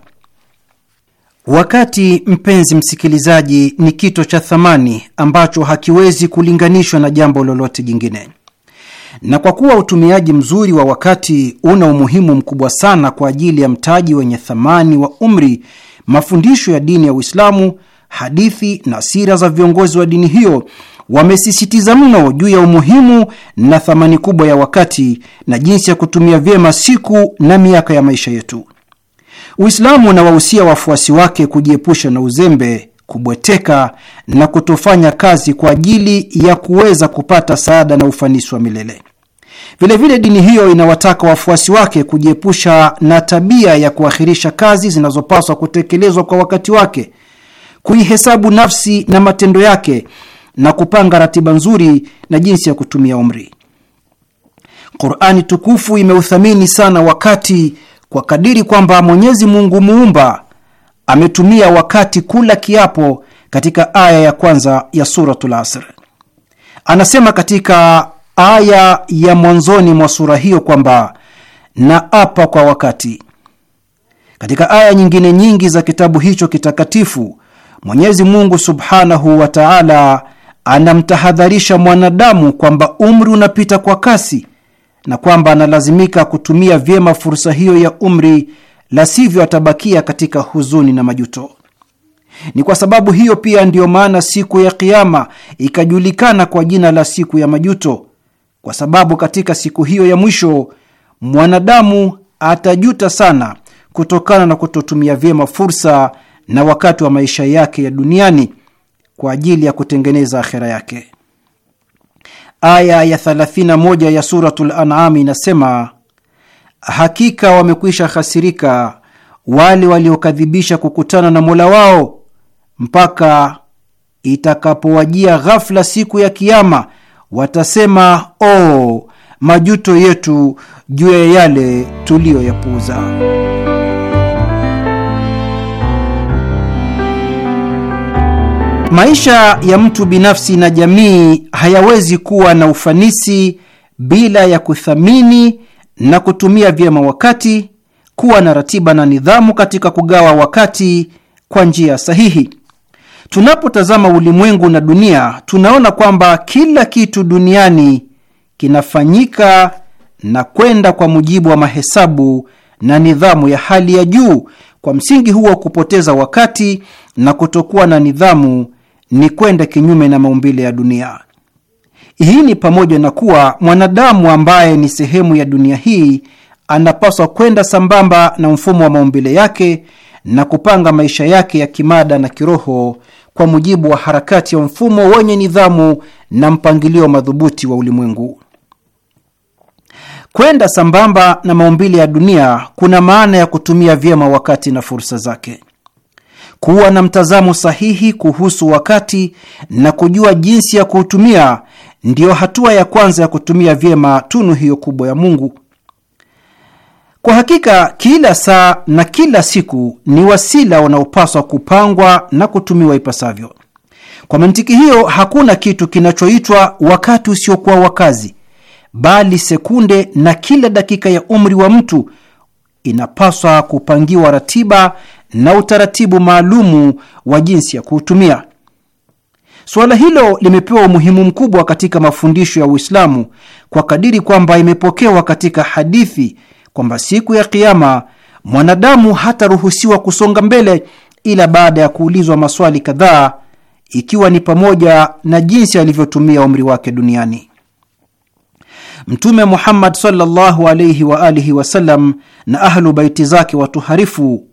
Wakati, mpenzi msikilizaji, ni kito cha thamani ambacho hakiwezi kulinganishwa na jambo lolote jingine, na kwa kuwa utumiaji mzuri wa wakati una umuhimu mkubwa sana kwa ajili ya mtaji wenye thamani wa umri, mafundisho ya dini ya Uislamu, hadithi na sira za viongozi wa dini hiyo wamesisitiza mno juu ya umuhimu na thamani kubwa ya wakati na jinsi ya kutumia vyema siku na miaka ya maisha yetu. Uislamu unawahusia wafuasi wake kujiepusha na uzembe, kubweteka na kutofanya kazi kwa ajili ya kuweza kupata saada na ufanisi wa milele. Vilevile dini hiyo inawataka wafuasi wake kujiepusha na tabia ya kuahirisha kazi zinazopaswa kutekelezwa kwa wakati wake, kuihesabu nafsi na matendo yake, na kupanga ratiba nzuri na jinsi ya kutumia umri. Qurani tukufu imeuthamini sana wakati kwa kadiri kwamba Mwenyezi Mungu muumba ametumia wakati kula kiapo katika aya ya kwanza ya Suratul Asr. Anasema katika aya ya mwanzoni mwa sura hiyo kwamba na apa kwa wakati. Katika aya nyingine nyingi za kitabu hicho kitakatifu, Mwenyezi Mungu Subhanahu wa Ta'ala anamtahadharisha mwanadamu kwamba umri unapita kwa kasi na kwamba analazimika kutumia vyema fursa hiyo ya umri, la sivyo atabakia katika huzuni na majuto. Ni kwa sababu hiyo pia ndiyo maana siku ya Kiama ikajulikana kwa jina la siku ya majuto, kwa sababu katika siku hiyo ya mwisho mwanadamu atajuta sana kutokana na kutotumia vyema fursa na wakati wa maisha yake ya duniani kwa ajili ya kutengeneza akhera yake. Aya ya 31 ya Suratul An'am inasema, hakika wamekwisha khasirika wale waliokadhibisha kukutana na Mola wao mpaka itakapowajia ghafla siku ya kiama watasema o oh, majuto yetu juu ya yale tuliyoyapuuza. Maisha ya mtu binafsi na jamii hayawezi kuwa na ufanisi bila ya kuthamini na kutumia vyema wakati, kuwa na ratiba na nidhamu katika kugawa wakati kwa njia sahihi. Tunapotazama ulimwengu na dunia, tunaona kwamba kila kitu duniani kinafanyika na kwenda kwa mujibu wa mahesabu na nidhamu ya hali ya juu. Kwa msingi huo, kupoteza wakati na kutokuwa na nidhamu ni kwenda kinyume na maumbile ya dunia. Hii ni pamoja na kuwa mwanadamu ambaye ni sehemu ya dunia hii anapaswa kwenda sambamba na mfumo wa maumbile yake na kupanga maisha yake ya kimada na kiroho kwa mujibu wa harakati ya mfumo wenye nidhamu na mpangilio madhubuti wa ulimwengu. Kwenda sambamba na maumbile ya dunia kuna maana ya kutumia vyema wakati na fursa zake kuwa na mtazamo sahihi kuhusu wakati na kujua jinsi ya kuutumia ndiyo hatua ya kwanza ya kutumia vyema tunu hiyo kubwa ya Mungu. Kwa hakika kila saa na kila siku ni wasila wanaopaswa kupangwa na kutumiwa ipasavyo. Kwa mantiki hiyo, hakuna kitu kinachoitwa wakati usiokuwa wa kazi, bali sekunde na kila dakika ya umri wa mtu inapaswa kupangiwa ratiba na utaratibu maalumu wa jinsi ya kuutumia. Suala hilo limepewa umuhimu mkubwa katika mafundisho ya Uislamu kwa kadiri kwamba imepokewa katika hadithi kwamba siku ya Kiama mwanadamu hataruhusiwa kusonga mbele ila baada ya kuulizwa maswali kadhaa, ikiwa ni pamoja na jinsi alivyotumia umri wake duniani. Mtume Muhammad sallallahu alaihi wa alihi wasallam na ahlu baiti zake watuharifu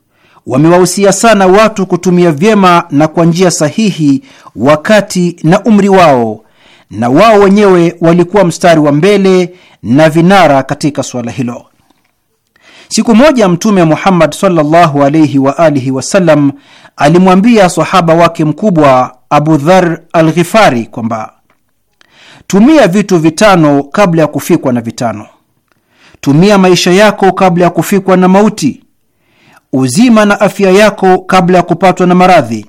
wamewahusia sana watu kutumia vyema na kwa njia sahihi wakati na umri wao, na wao wenyewe walikuwa mstari wa mbele na vinara katika suala hilo. Siku moja Mtume Muhammad sallallahu alaihi wa alihi wasallam alimwambia sahaba wake mkubwa Abu Dhar Alghifari kwamba Tumia vitu vitano kabla ya kufikwa na vitano. Tumia maisha yako kabla ya kufikwa na mauti, uzima na afya yako kabla ya kupatwa na maradhi,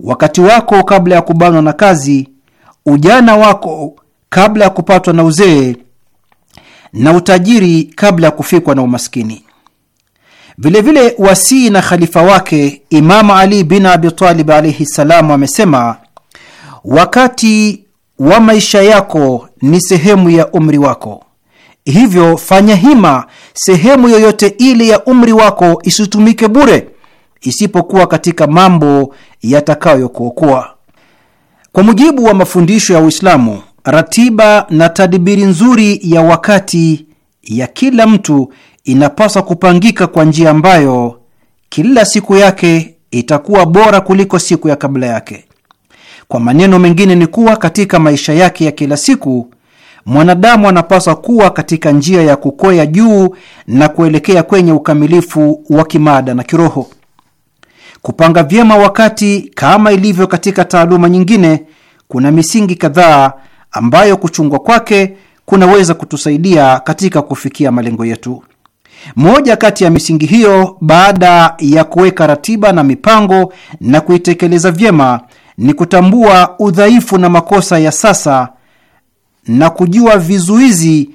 wakati wako kabla ya kubanwa na kazi, ujana wako kabla ya kupatwa na uzee, na utajiri kabla ya kufikwa na umaskini. Vilevile wasii na khalifa wake Imamu Ali bin Abi Talib alaihi ssalam amesema, wakati wa maisha yako ni sehemu ya umri wako, hivyo fanya hima sehemu yoyote ile ya umri wako isitumike bure, isipokuwa katika mambo yatakayokuokoa. Kwa mujibu wa mafundisho ya Uislamu, ratiba na tadibiri nzuri ya wakati ya kila mtu inapaswa kupangika kwa njia ambayo kila siku yake itakuwa bora kuliko siku ya kabla yake. Kwa maneno mengine ni kuwa katika maisha yake ya kila siku mwanadamu anapaswa kuwa katika njia ya kukwea juu na kuelekea kwenye ukamilifu wa kimada na kiroho. Kupanga vyema wakati, kama ilivyo katika taaluma nyingine, kuna misingi kadhaa ambayo kuchungwa kwake kunaweza kutusaidia katika kufikia malengo yetu. Moja kati ya misingi hiyo, baada ya kuweka ratiba na mipango na kuitekeleza vyema, ni kutambua udhaifu na makosa ya sasa na kujua vizuizi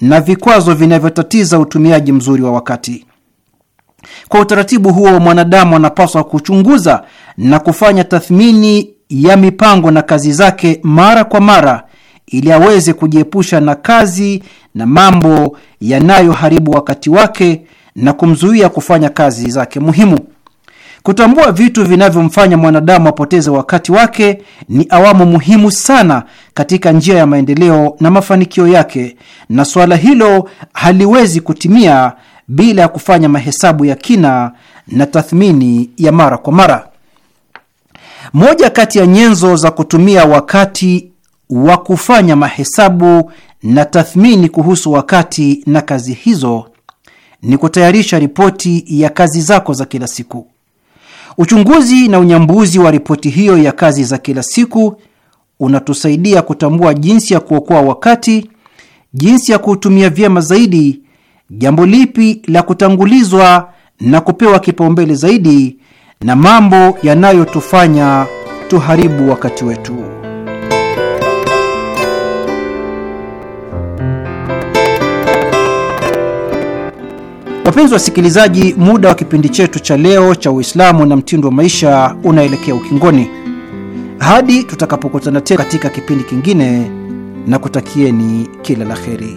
na vikwazo vinavyotatiza utumiaji mzuri wa wakati. Kwa utaratibu huo, mwanadamu anapaswa kuchunguza na kufanya tathmini ya mipango na kazi zake mara kwa mara ili aweze kujiepusha na kazi na mambo yanayoharibu wakati wake na kumzuia kufanya kazi zake muhimu. Kutambua vitu vinavyomfanya mwanadamu apoteze wakati wake ni awamu muhimu sana katika njia ya maendeleo na mafanikio yake, na suala hilo haliwezi kutimia bila ya kufanya mahesabu ya kina na tathmini ya mara kwa mara. Moja kati ya nyenzo za kutumia wakati wa kufanya mahesabu na tathmini kuhusu wakati na kazi hizo ni kutayarisha ripoti ya kazi zako za kila siku. Uchunguzi na unyambuzi wa ripoti hiyo ya kazi za kila siku unatusaidia kutambua jinsi ya kuokoa wakati, jinsi ya kuutumia vyema zaidi, jambo lipi la kutangulizwa na kupewa kipaumbele zaidi, na mambo yanayotufanya tuharibu wakati wetu. Wapenzi wasikilizaji, muda wa kipindi chetu cha leo cha Uislamu na mtindo wa maisha unaelekea ukingoni. Hadi tutakapokutana tena katika kipindi kingine, na kutakieni kila la heri.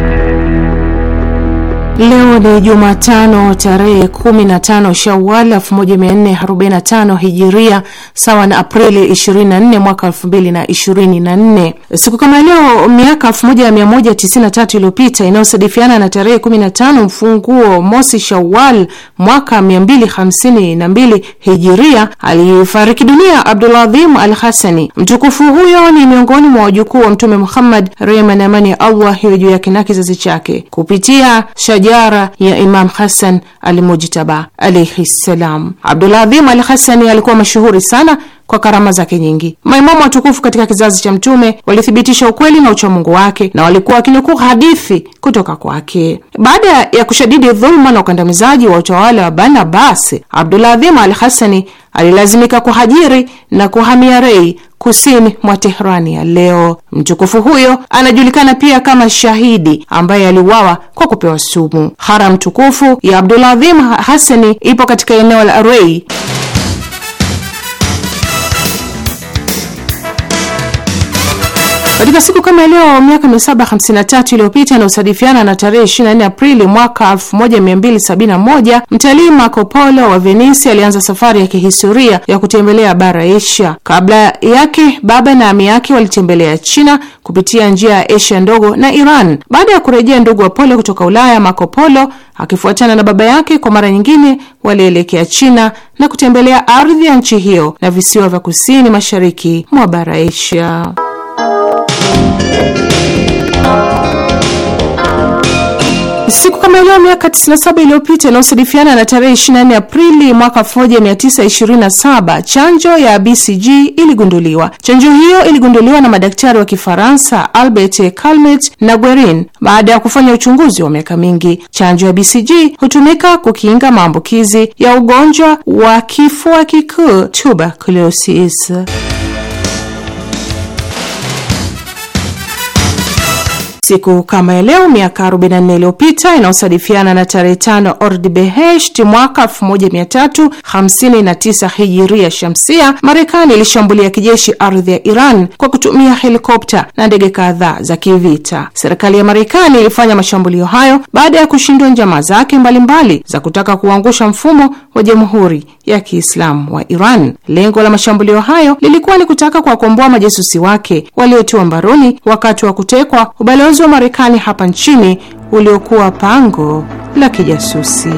Leo ni Jumatano tarehe 15 Shawal 1445 Hijiria, sawa na Aprili 24 mwaka 2024. Siku kama leo miaka 1193 iliyopita, inayosadifiana na tarehe 15 mfunguo mosi Shawal mwaka 252 Hijiria, alifariki dunia Abdulazim al Hasani. Mtukufu huyo ni miongoni mwa wajukuu wa Mtume Muhammad, rehma na amani ya Allah iwe juu yake na kizazi chake, kupitia shaja ziara ya Imam Hasan Almujtaba alaihi ssalam. Abduladhim Al Hasani alikuwa mashuhuri sana kwa karama zake nyingi. Maimamu watukufu katika kizazi cha Mtume walithibitisha ukweli na uchamungu wake na walikuwa wakinukuu hadithi kutoka kwake. Baada ya kushadidi dhuluma na ukandamizaji wa utawala wa Bani Abbas, Abduladhim al Hasani alilazimika kuhajiri na kuhamia Rei, kusini mwa Teherani ya leo. Mtukufu huyo anajulikana pia kama shahidi ambaye aliuawa kwa kupewa sumu. Haram tukufu ya Abduladhim Hasani ipo katika eneo la Rei. Katika siku kama leo miaka 753 iliyopita inayosadifiana na tarehe 24 Aprili mwaka 1271, mtalii Marco Polo wa Venisi alianza safari ya kihistoria ya kutembelea bara Asia. Kabla yake baba na ami yake walitembelea China kupitia njia ya Asia ndogo na Iran. Baada ya kurejea ndugu wa Polo kutoka Ulaya, Marco Polo akifuatana na baba yake kwa mara nyingine walielekea China na kutembelea ardhi ya nchi hiyo na visiwa vya kusini mashariki mwa bara Asia. Siku kama leo miaka 97 iliyopita inaosadifiana na tarehe 24 Aprili mwaka 1927 chanjo ya BCG iligunduliwa. Chanjo hiyo iligunduliwa na madaktari wa Kifaransa Albert Calmet na Guerin baada ya kufanya uchunguzi wa miaka mingi. Chanjo ya BCG hutumika kukinga maambukizi ya ugonjwa wa kifua kikuu tuberculosis. Siku kama ya leo miaka 44 iliyopita inayosadifiana na tarehe 5 Ordibehesht mwaka 1359 hijiria shamsia, Marekani ilishambulia kijeshi ardhi ya Iran kwa kutumia helikopta na ndege kadhaa za kivita. Serikali ya Marekani ilifanya mashambulio hayo baada ya kushindwa njama zake mbalimbali za kutaka kuangusha mfumo wa Jamhuri ya Kiislamu wa Iran. Lengo la mashambulio hayo lilikuwa ni kutaka kuwakomboa majasusi wake waliotiwa mbaroni wakati wa kutekwa ubalozi wa Marekani hapa nchini uliokuwa pango la kijasusi.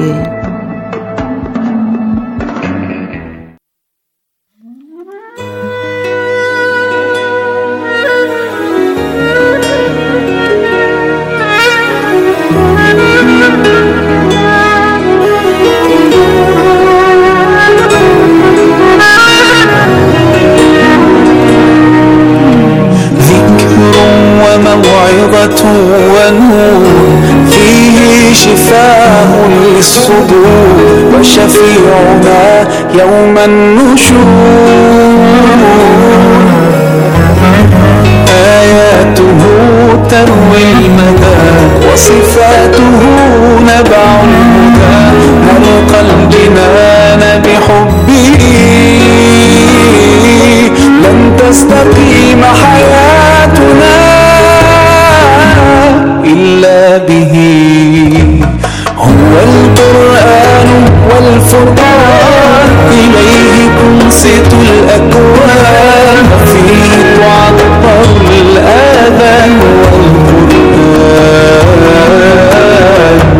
فيه شفاء للصدور وشفيعنا يوم النشور آياته تروي المدى وصفاته نبع الهدى من قلبنا بحبه لن تستقيم حياتنا به هو القرآن والفرقان إليه تنصت الأكوان فيه تعطر الآذان والقرآن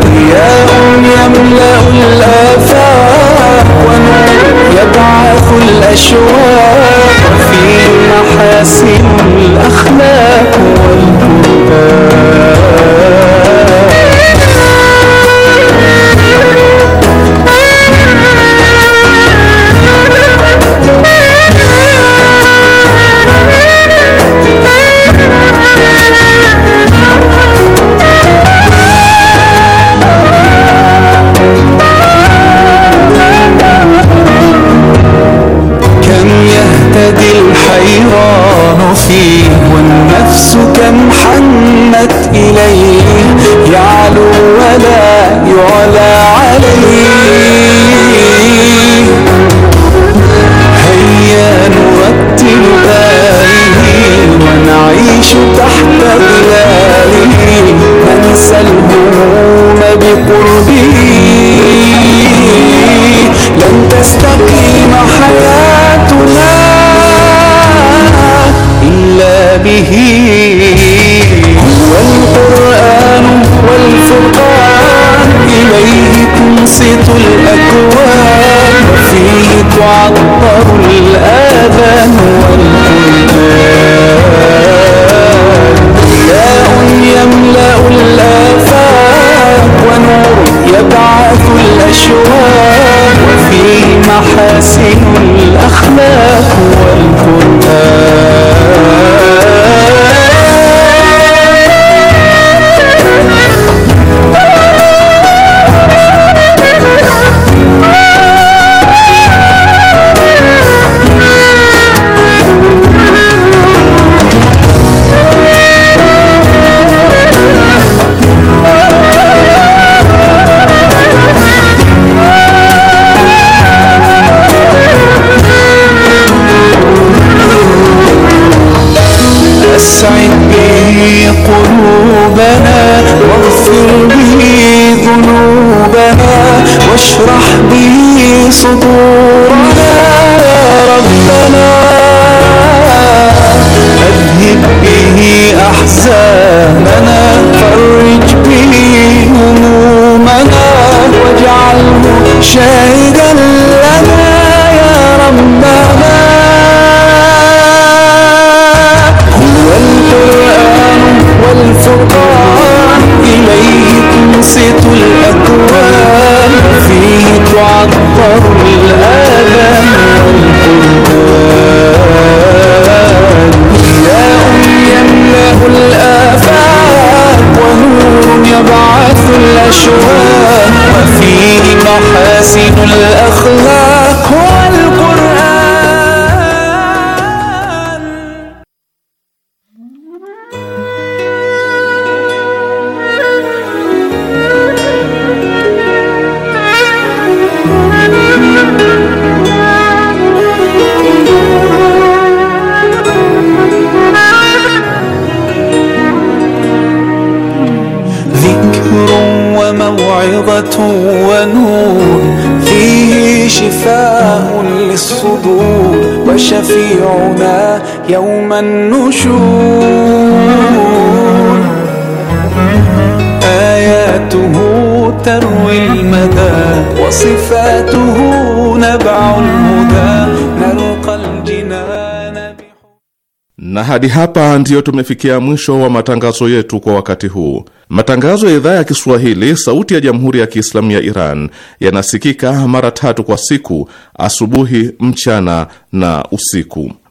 ضياء يملأ الآفاق ونور يبعث الأشواق فيه محاسن الأخلاق به هو القرآن والفرقان إليه تنصت الأكوان وفيه تعطر الآذان يوم النشور آياته تروي المدى وصفاته نبع الهدى نلقى الجنان na hadi hapa ndiyo tumefikia mwisho wa matangazo yetu kwa wakati huu. Matangazo ya idhaa ya Kiswahili sauti ya jamhuri ya Kiislamu ya Iran yanasikika mara tatu kwa siku: asubuhi, mchana na usiku.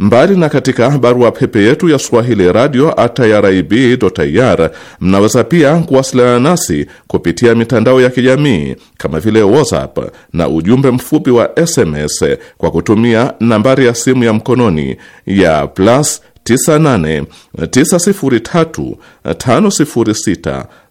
Mbali na katika barua pepe yetu ya swahili radio irib.ir, mnaweza pia kuwasiliana nasi kupitia mitandao ya kijamii kama vile WhatsApp na ujumbe mfupi wa SMS kwa kutumia nambari ya simu ya mkononi ya plus 98 903 506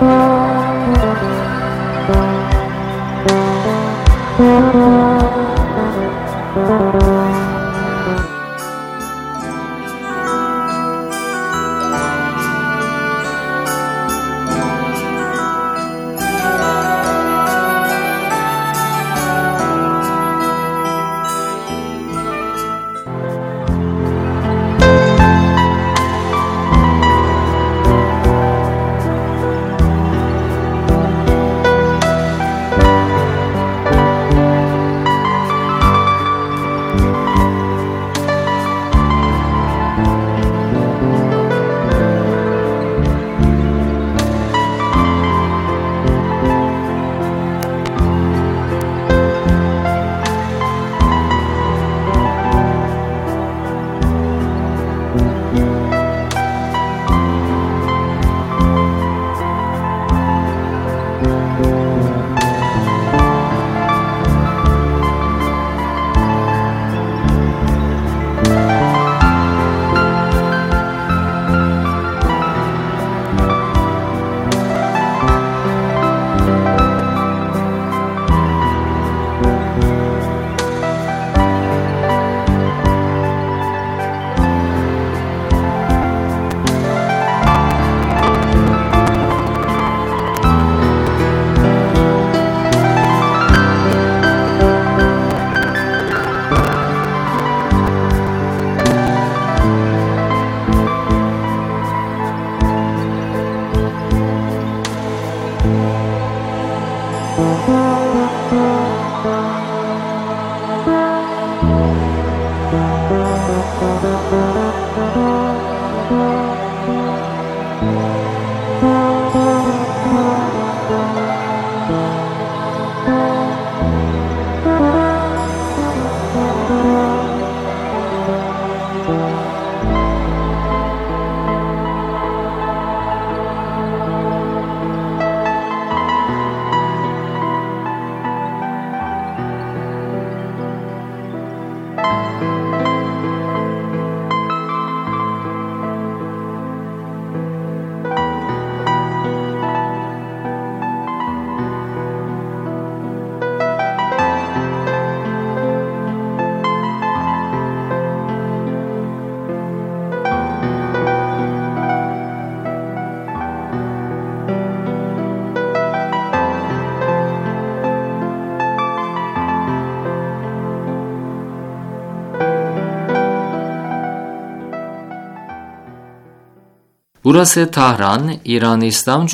Thank you. Burası Tahran, İran İslam